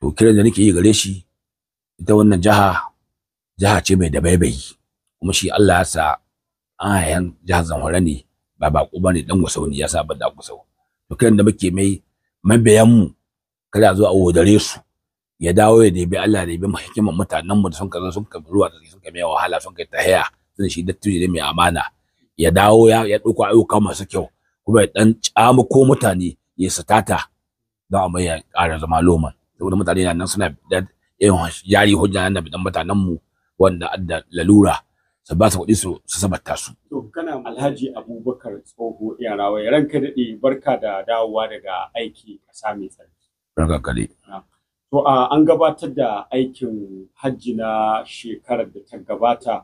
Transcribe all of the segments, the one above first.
to kiran da nake yi gare shi ita wannan jaha jaha ce mai dabaibayi kuma shi Allah ya sa an hayan jihar Zamfara ne ba bako ne dan wasau, ne ya sa ba da gusau to kiran da muke mai mabiyan mu kada zo a wodare su ya dawo ya debi Allah da bi hikimar mutanen mu da sun kaza sun ka ruwa da sun ka mai wahala sun ka tahiya sun shi dattijo ne mai amana ya dawo ya ya dauko ayyuka masu kyau kuma ya ɗan ko mutane ya satata don a mai ya ƙara zama loman saboda mutane na nan suna da yari hujja na bidan mutanen mu wanda adda lalura su ba su kuɗi su sabatta su to kana Alhaji Abubakar tsoho yarawa wai ranka dade barka da dawowa daga aiki kasa mai tsarki barka kare to an gabatar da aikin hajji na shekarar da ta gabata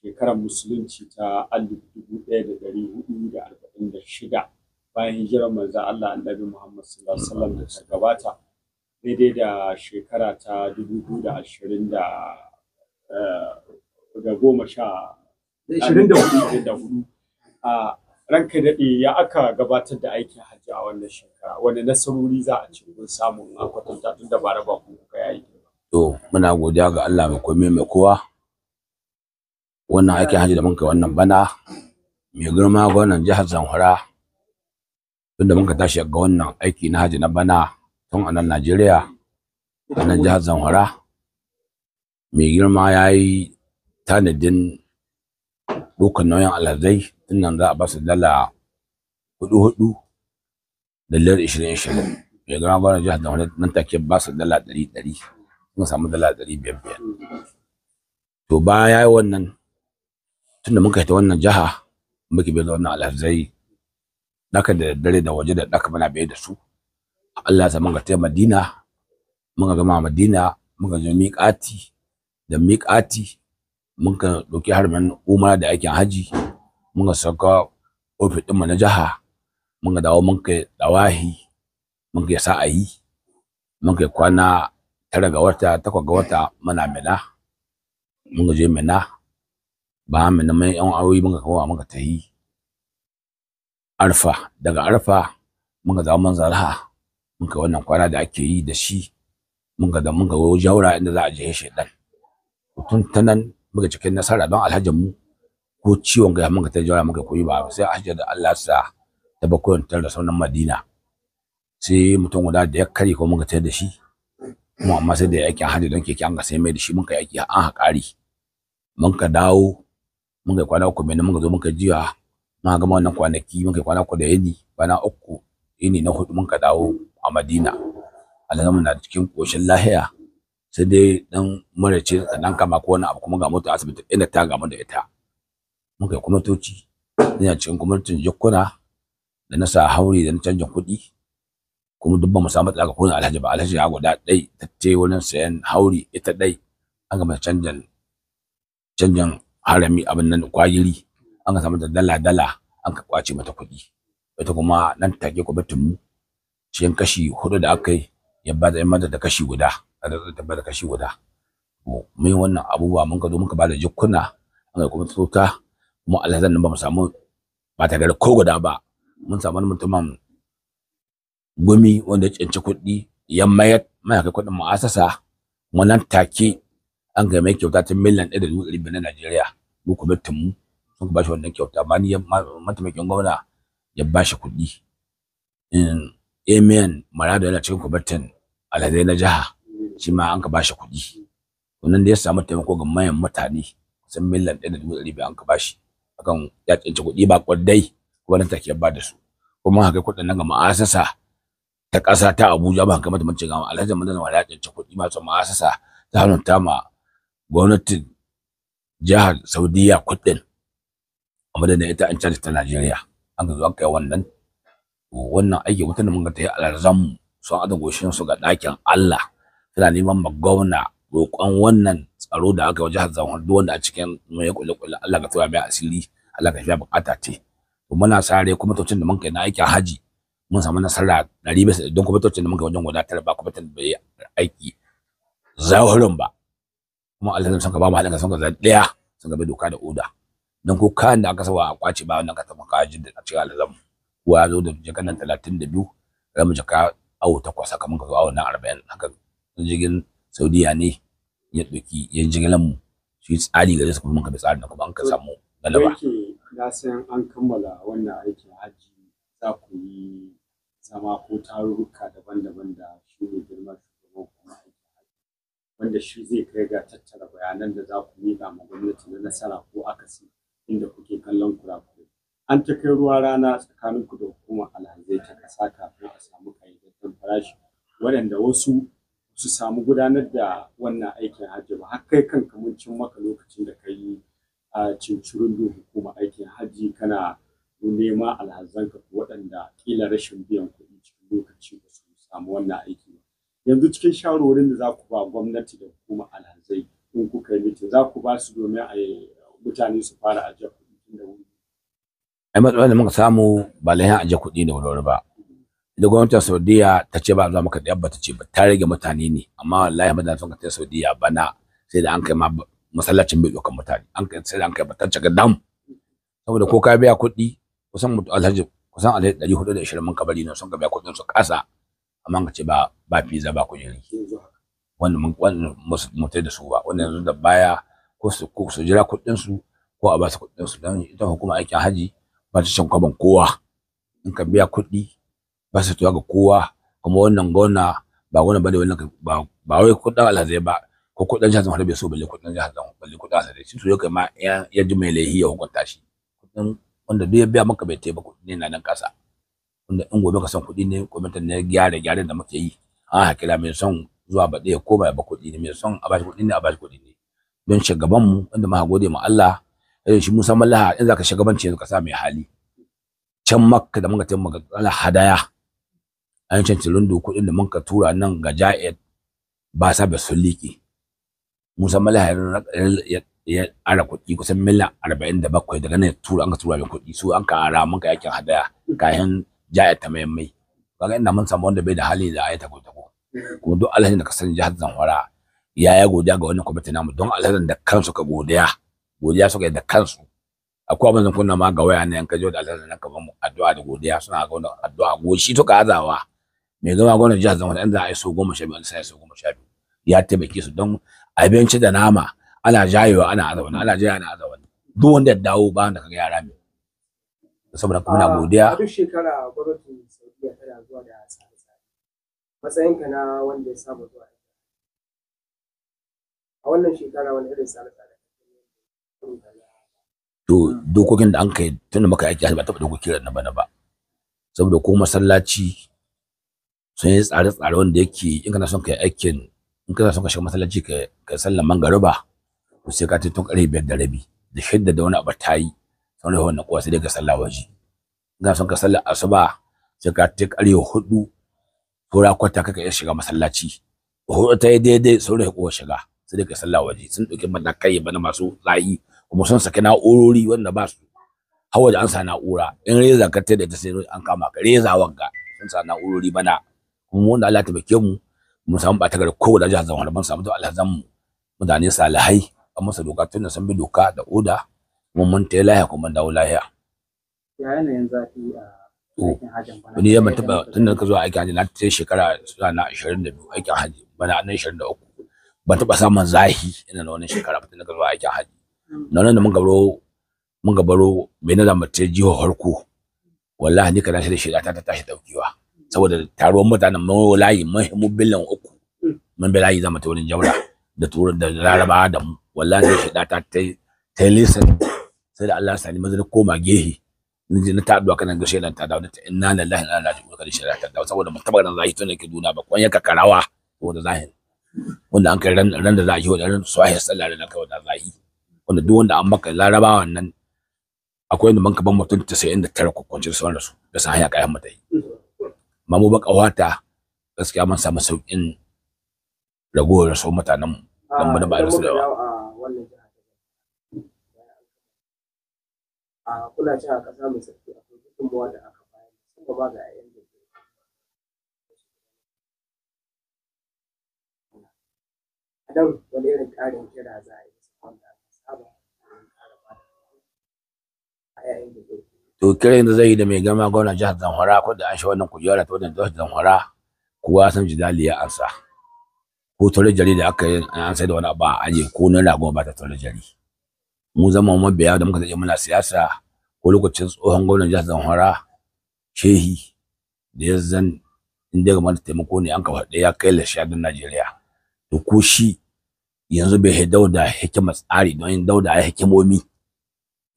shekarar musulunci ta alif dubu ɗaya da ɗari hudu da arba'in da shida bayan hijirar manzo Allah annabi Muhammad sallallahu alaihi wasallam da ta gabata daidai da shekara ta dubu biyu da ashirin da eh, da goma sha ashirin da hudu a ranka daɗe ya aka gabatar da aikin hajji a wannan shekara wani nasarori za a ce mun samu a kwatanta tun da bara ba ku kuka yayi to muna godiya ga Allah mai komai mai kowa wannan aikin hajji da muka wannan bana mai girma gwamnan jihar Zamfara tunda muka tashi ga wannan aiki na hajji na bana tun a nan Najeriya a nan jihar Zamfara mai girma ya yi tanadin ɗaukar nauyin alazai tun nan za a basu dala hudu hudu da ishirin ishirin mai girma gwamnan jihar Zamfara nan take basu dala ɗari ɗari sun samu dala ɗari biyar biyar to bayan ya yi wannan tun da muka ta wannan jiha muka bai da wannan alazai daka da dare da waje da daka muna bai da su Allah ta muka tai Madina muka gama Madina muka je ati da miƙati muka ɗauki harman umar da aikin haji muka saka ofis ɗinmu na jiha muka dawo muka dawahi muka yi sa'ayi muka yi kwana tara ga wata takwas ga wata muna mina muka je mina ba mu na mai yan aure muka kawo muka tahi arfa daga arfa muka zama manzaraha mun kai wannan kwana da ake yi da shi mun ga da mun ga jaura inda za a je dan tun ta nan muka cikin nasara don alhajin mu ko ciwon ga mun ga ta jaura muka koyi ba sai hajjar da Allah sa ta koyon tar da sunan Madina sai mutum guda da ya kare ko mun ga ta da shi mu amma sai da yake hajji don keke an ga sai mai da shi mun ka yaki an haƙari mun ka dawo mun kai kwana uku benin mun ka zo mun ka jiya mun gama wannan kwanaki mun kai kwana uku da yini kwana uku yini na hudu mun ka dawo a madina alhamin na cikin koshin lahiya sai dai dan marace dan kama ko wani abu kuma ga mota asibiti inda ta gamu da ita mun kai kuma toci ina cikin gwamnatin jakkuna da na sa hauri da na canja kuɗi kuma dubban ba mu samu tsaka kuna alhaji ba alhaji ya guda ɗai tatte ce sayan hauri ita dai an gama canjan canjan harami abin nan kwagiri an ga samu da dala dala an ka kwace mata kuɗi ita kuma nan take gwamnatin mu cikin kashi hudu da aka yi ya ba da mata da kashi guda ta ba da kashi guda mun yi wannan abubuwa mun ka zo muka ba da jikuna an kuma tsota mu alhazan nan ba mu samu ba ta gari ko guda ba mun samu mutumin gumi wanda ya cinci kuɗi ya mayar mai kai kuɗin mu'asasa wannan take an ga mai kyauta ta miliyan ɗaya da dubu ɗari na Najeriya mu kwamitin mun sun ba shi wannan kyauta ba ni mataimakin gwamna ya ba shi kuɗi Amen Marado yana cikin kubatin alhazai na jiha shi ma an ka bashi kuɗi wannan da ya samu taimako ga mayan mutane kusan miliyan ɗaya da dubu ɗari an ka bashi akan ya tsinci kuɗi ba kwadai kuma nan take ba da su kuma haka kuɗin nan ga ma'asasa ta ƙasa ta Abuja ba kamar da mace ga alhaji manzon wani ya tsinci kuɗi ma su ma'asasa ta ta ma gwamnatin jihar Saudiya kuɗin a ne ita an canja ta Najeriya an ga zo an kai wannan wannan aiki mutum da muka tayi alarzan mu sun da goshin su ga ɗakin Allah suna neman magwamna roƙon wannan tsaro da aka yi wa jihar duk wanda a cikin mai kula kula Allah ka tura mai asiri Allah ka shafa bukata ce to muna sare kuma tocin da mun kai na aikin haji mun samu nasara ɗari bisa don kuma tocin da mun kai wajen wadatar ba kuma tocin da bai aiki zahirin ba kuma Allah zai sanka ba mu halin ka sanka zai ɗaya sanka bai doka da oda don ko kayan da aka sawa a kwace ba wannan ka taɓa kajin da a cikin alazamu kowa ya zo da jaka nan talatin da biyu ramu jaka awo takwas haka muka zo awo nan arba'in haka jirgin saudiya ne ya ɗauki ya jigilan mu shi tsari gare su kuma muka bi tsarin kuma an ka samu galaba. na san an kammala wannan aikin hajji za ku yi zama ko tarurruka daban-daban da shi ne girma shugaban kuma aikin hajji wanda shi zai kai ga tattara bayanan da za ku miƙa ma gwamnati na nasara ko akasi inda kuke kallon kurakurai an ta kai ruwa rana tsakanin ku da hukumar alhazai ta kasa kafin a samu ƙayyadaddun farashi waɗanda wasu su samu gudanar da wannan aikin hajji ba har kai kanka mun cin maka lokacin da ka yi a cincirin hukuma aikin hajji kana nema alhazan alhazanka waɗanda ƙila rashin biyan kuɗi cikin lokaci ba su samu wannan aiki ba yanzu cikin shawarorin da za ku ba gwamnati da hukumar alhazai in kuka yi mutum, za ku ba su domin mutane su fara ajiya kuɗi tun da ai matsalar da muka samu ba lahin aje kuɗi da wuri ba da gwamnatin saudiya ta ce ba za mu karɓi ba ta ce ba ta rage mutane ne amma wallahi mutane sun ta saudiya bana sai da an kai ma masallacin bai dokan mutane an kai sai da an kai batan cika dam saboda ko ka biya kuɗi kusan mutu alhaji kusan alhaji ɗari hudu da ishirin mun kabari ne sun ka biya kuɗin su ƙasa amma ka ce ba ba fiza ba kujeri wanda mun wanda mutai da su ba wanda yanzu da baya ko su ko su jira kuɗin su ko a ba su kuɗin su don ita hukuma aikin haji ba ta shan kwaban kowa in ka biya kuɗi ba su tuwa ga kowa kuma wannan gona ba gona ba ne wannan ba wai kuɗin alhazai ba ko kuɗin jihar zamfara bai so balle kuɗin jihar zamfara balle kuɗin alhazai shi so yau ma ya ji mai laihi ya hukunta shi kuɗin wanda duk ya biya maka bai taimaka kuɗi ne na nan ƙasa wanda in gobe ka san kuɗi ne gwamnatin ne gyara gyara da muke yi an hakila mai son zuwa baɗe ya koma ya ba kuɗi ne mai son a ba shi kuɗi ne a ba shi kuɗi ne don shugabanmu wanda ma gode ma Allah Eh, shi Musa Mallaha in zaka shiga yanzu ka sa mai hali can Makka da muka tafi muka hadaya an cancanci lundu kuɗin da muka tura nan ga Ja'id ba sa ba sulliki Musa Mallaha ya ara kuɗi kusan miliyan arba'in da bakwai daga nan tura an ka tura mai kuɗi su an ka ara mun ka yakin hadaya kayan Ja'id ta mai mai kaga ina mun samu wanda bai da hali da ayata ko tako kuma duk alhaji da ka sani jihar wara, ya ya godiya ga wannan kwamitin namu don alhajin da kansu ka godiya godiya suka yi da kansu akwai abin da kunna ma ga waya ne an kajo da Allah nan mu. addu'a da godiya suna ga wannan addu'a goshi to ka azawa me zama gwamnati jihar zama inda ai so goma sha biyu sai so goma sha biyu ya taimake su don abinci da nama ana jayewa ana azawa ana jayewa ana azawa duk wanda ya dawo ba da kaga yara ne saboda kuma na ah, godiya duk shekara gwamnati Saudiya tana zuwa da tsare-tsare matsayinka na wanda ya saba zuwa a wannan shekara wani irin tsare-tsare to dokokin da an kai tunda muka aiki ba taɓa dokokin irin na bana ba saboda ko masallaci sun yi tsare-tsare wanda yake in kana son ka yi aikin in kana son ka shiga masallaci ka ka sallan mangariba to sai ka tun ƙarfe biyar da rabi da shidda da wani abu ta yi sun rufe wannan kowa sai dai ka sallah waje in kana son ka sallar asuba sai ka tun ƙarfe hudu ra kwata kaka iya shiga masallaci hudu ta yi daidai sun rufe kowa shiga sai dai ka sallah waje sun ɗauki matakai bana masu layi kuma sun saki na'urori wanda ba su hawa da an sa na'ura in reza ka da ta sai an kama ka reza wanka sun sa na'urori bana kuma wanda Allah ta bake mu mu samu ba ta gar ko da jahazan Zamfara mun samu to Allah zan mu mutane salihai an masa doka tun da san bi doka da oda mun mun ta lahiya kuma dawo lahiya ya yanayin zafi a wani yamma taba tun da ka zo aikin hajji na ta shekara suna na 22 aikin hajji bana nan 23 ban taba samun zahi ina na wannan shekara ba tun da ka zo aikin hajji nan da mun gabaro mun gabaro mai na zamace jiho harko wallahi ni kana shi da ta ta tashi daukewa saboda taruwan mutanen mun layi mun mu billan uku mun bi layi zama wurin jaura da tura da laraba da mu wallahi sai shiga ta ta ta sai da Allah ya sani mazan koma gehe ni na ta addu'a kana gashe nan ta dawo ta inna lillahi inna ilaihi raji'un kada shedan ta dawo saboda mun taba ran zahi ke duna ba kwan yaka karawa saboda zahiri wanda an kai ran da za a yi wa ran suwahi sallallahu alaihi wasallam kai wanda duk wanda an maka larabawan nan akwai wanda manka ban mutum 99 kwakwancin su wanda su da sun haya kayan mata yi amma mu baka wata gaskiya mun samu sauƙin ragowar sau mutanen mu dan mu da ba su da ba a kula ci a ƙasa mai Adam wani irin ƙarin kira za a to kiran da zai yi da mai gama gwamnan jihar zamfara ko da an shi wannan kujera ta wannan jihar zamfara kowa san jidali ya ansa ko tare jari da aka yi an sai da wani abu a aje ko na rago ba ta tare jari mu zama mu mabiya da muka zaje muna siyasa ko lokacin tsohon gwamnan jihar zamfara shehi da ya zan inda ga mata taimako ne an ka da ya kai lashe don najeriya to ko shi yanzu bai da hikimar tsari don yin dauda ya hikimomi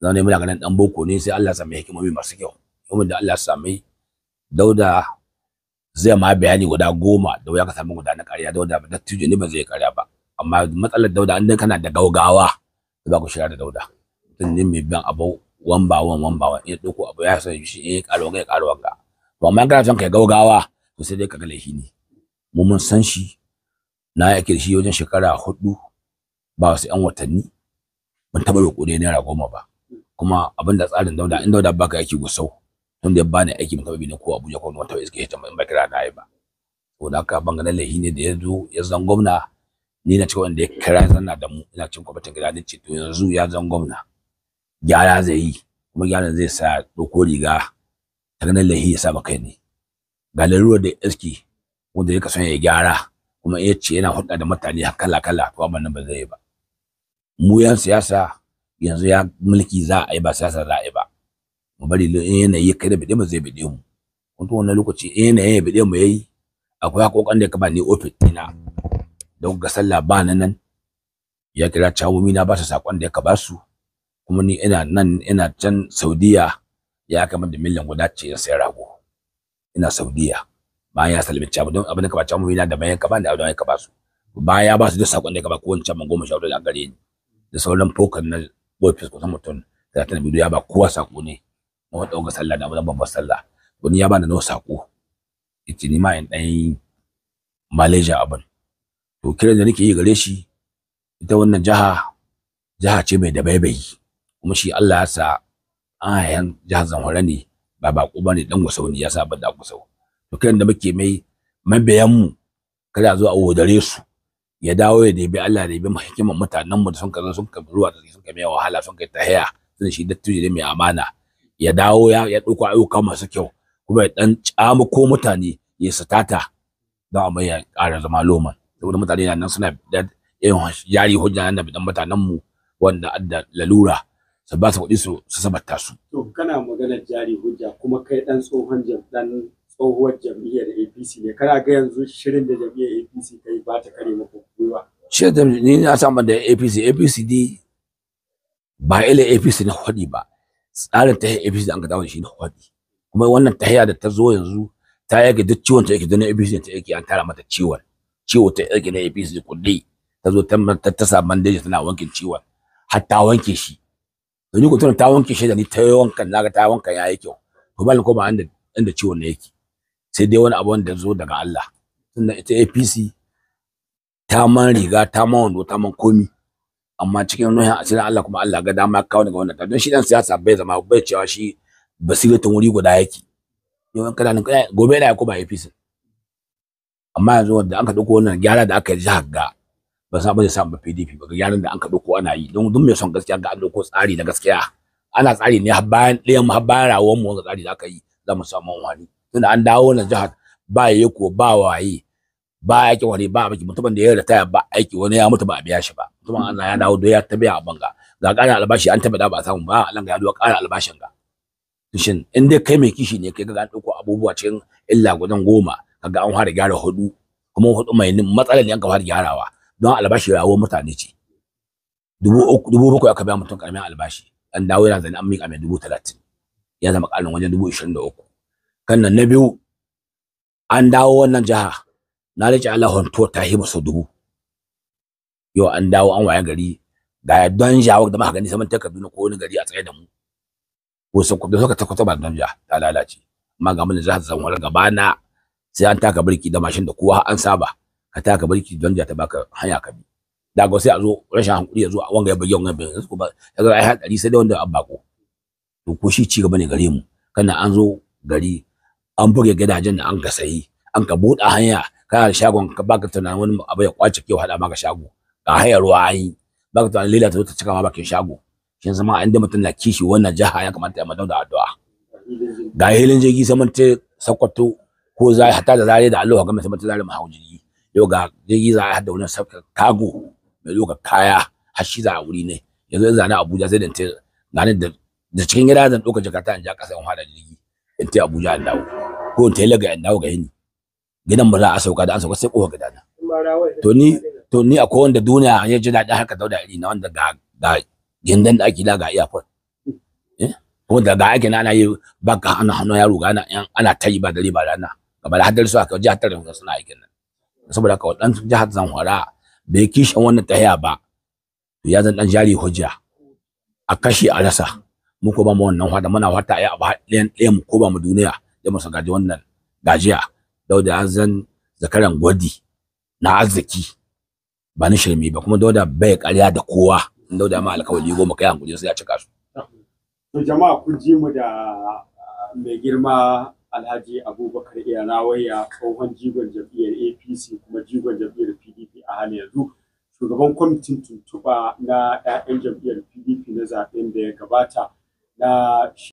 zan muna ganin dan boko ne sai Allah ya sami hikimomi masu kyau kuma da Allah ya sami dauda zai ma bayani guda goma da wuya ka samu guda na ƙarya dauda ba dattijo ne ba zai ƙarya ba amma matsalar dauda an dan kana da gaugawa ba ku shirya da dauda mutum ne mai ban abu wan ba wan wan ba wan ya dauko abu ya san shi eh karo ga karo ga to amma kana son kai gaugawa to sai dai ka ga shi ne mu mun san shi na ya da wajen shekara hudu ba wasu 'yan watanni ban taɓa roƙo ne naira goma ba kuma abin da tsarin dauda in dauda baka yake gusau tun da ya bani aiki mun ne ko Abuja ko wata wai suke tambayin ba kira na yi ba to da ban ganin lahi ne da ya ya zan gwamna ni na cikin wanda ya kira zanna da mu ina cikin kwamitin gida ni ce to yanzu ya zan gwamna gyara zai yi kuma gyaran zai sa ɗauko riga ta ganin lahi ya sa kai ne ga laruwa da iski wanda ya kasan ya gyara kuma ya ce yana hulɗa da mutane kala kala to amma nan ba zai yi ba mu yan siyasa yanzu ya mulki za a yi ba siyasa za a yi ba mu bari in yanayi kai da bide mu zai bide mu kun to wannan lokaci yanayi ya bide mu yayi akwai hakokan da ka ba ni ofis dina don ga sallah ba nan nan ya kira cawomi na ba su sakon da ya ka ba su kuma ni ina nan ina can Saudiya ya kama da miliyan guda ce ya sayar rago ina Saudiya bayan ya salmi cawo don abin da ka ba cawomi na da bayan ka ba da abin da ka ba su bayan ya ba su duk sakon da ya ka ba kowanne can goma sha da gare ni da sauran fokan na ofis kusan mutum talatin da biyu ya ba kowa sako ne mu wata ga sallah da wani babbar sallah wani ya bani nawa sako yace ni ma in dan Malaysia abin to kiran da nake yi gare shi ita wannan jaha jaha ce mai baibayi kuma shi Allah ya sa ayan jihar Zamfara ne ba bako ne dan gusau ne ya sa ba da gusau to kiran da muke mai mabiyan mu kada zo a wodare su ya dawo ya debi Allah da bi hikimar mutanen mu da sun kazo sun ka ruwa da sun mai wahala sun ka tahiya sun shi dattijo ne mai amana ya dawo ya ya dauko ayyuka masu kyau kuma ya dan ko mutane ya satata don a ya ƙara zama loman saboda mutane na nan suna da yin jari hujja nan da bidan mutanen mu wanda adda lalura su ba su kuɗi su sabata su to kana maganar jari hujja kuma kai dan tsohon dan tsohuwar jam'iyyar apc ne kana ga yanzu shirin da jam'iyyar apc ta yi ba ta kare muku gwiwa shi da ni na samu da apc apc di ba ila apc na hudi ba tsarin ta apc da an gada shi na hudi kuma wannan tahiya da ta zo yanzu ta yage duk ciwon ta yake da na apc ta yake an tara mata ciwon ciwo ta yake na apc kudi ta zo ta ta sa bandeji tana wankin ciwon har ta wanke shi da yi ko ta wanke shi da ni ta wankan naga ta ya yayi kyau kuma ni ko ba inda inda ciwon ne yake sai dai wani abu wanda zo daga Allah tunda ita APC ta man riga ta man wando ta man komi amma cikin nuhin asirin Allah kuma Allah ga dama kawo daga wannan don shi dan siyasa bai zama bai cewa shi ta wuri guda yake yau in kana eh, gobe yana ko ba APC amma yanzu wanda an ka dauko wannan gyara da aka yi jihar ga ba sa ba zai ba PDP ba gyara da an ka dauko ana yi don dun mai son gaskiya ga an dauko tsari na gaskiya ana tsari ne har bayan ɗayan har bayan rawon mu wanda tsari da aka yi za mu samu wani tunda an dawo na jihar ba yayi ko ba waye ba yake wani ba baki mutumin da ya ya ba aiki wani ya mutu ba a biya shi ba mutumin Allah ya dawo ta tabiya a banga ga ƙarin albashi an tabbata ba samu ba Allah ya dawo ƙarin albashin ga shin in dai kai mai kishi ne kai ga an dauko abubuwa cikin illa gudan goma kaga an fara gyara hudu kuma hudu mai matsalar ne an ka fara gyarawa don albashi rawo mutane ce dubu uku dubu bakwai aka biya mutum karamin albashi an dawo yana zane an miƙa mai dubu talatin ya zama ƙarin wajen dubu ishirin da uku sannan na biyu an dawo wannan jaha na rike Allah honto ta hiba su dubu yau an dawo an waye gari ga don jawo da maka gani saman ta Kaduna ko wani gari a tsaye da mu ko sun kudu suka takwata ba don jaha ta lalace amma ga mun jihar Zamfara gaba na sai an taka birki da mashin da kowa an saba ka taka birki don jaha ta baka hanya ka bi da sai a zo rashin hankuri ya zo a wanga ya bayyana wanga bayyana ko ba ya ga ai hadari sai da wanda an bako to ko shi ci gaba ne gare mu kana an zo gari an buge gidajen da an ka sayi an ka buɗe hanya kana da shagon ka baka tunanin wani abu ya kwace ke haɗa maka shago Ka haya ruwa an yi baka tunanin lila ta zo ta cika ma bakin shago shin zama an da mutum na kishi wannan jaha ya kamata ya madau da addu'a ga hilin jirgi saman ta sakwato ko za a hata da zare da allo ga mutum ta zare mahau jirgi yau ga jirgi za a hada wani sauka kago mai lokar kaya har shi za a wuri ne yanzu yanzu na abuja sai da ta gane da cikin gida zan ɗauka jakata in ja ƙasa in hada jirgi in ta Abuja an dawo ko in ta Laga an dawo ga yini gidan ba za a sauka da an sauka sai kowa gidana to ni to ni akwai wanda duniya ya ji daɗi haka dauda iri na wanda ga ga gindan da ake da iya airport eh da ga ake na ana yi ba ga ana hannu yaro ga ana ana tayi ba dare ba rana gaba da haddar su aka jihar tarin suna aikin nan saboda haka waɗansu jihar Zamfara bai kishin wannan tahiya ba ya zan dan jari hujja a kashe a rasa mu ko ba mu wannan hada muna hata ai abu ɗayan ɗayan mu ko ba mu duniya da mu gaji wannan gajiya dauda azan zakaran gwadi na arziki ba ni shirme ba kuma dauda bai ƙarya da kowa in dauda ma alkawali goma kai hankuri sai ya cika su to jama'a kun ji mu da ah, mai girma Alhaji Abubakar iya Iyanawaya tsohon jigon jam'iyyar APC kuma jigon jam'iyyar PDP a hali yanzu shugaban kwamitin tuntuɓa na 'ya'yan jam'iyyar PDP na zaɓen da ya gabata Uh.